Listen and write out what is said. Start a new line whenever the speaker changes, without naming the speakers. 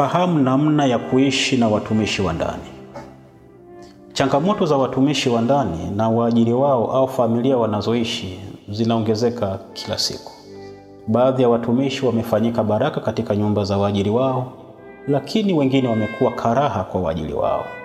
Fahamu namna ya kuishi na watumishi wa ndani. Changamoto za watumishi wa ndani na waajiri wao au familia wanazoishi zinaongezeka kila siku. Baadhi ya watumishi wamefanyika baraka katika nyumba za waajiri wao, lakini wengine wamekuwa karaha kwa waajiri wao.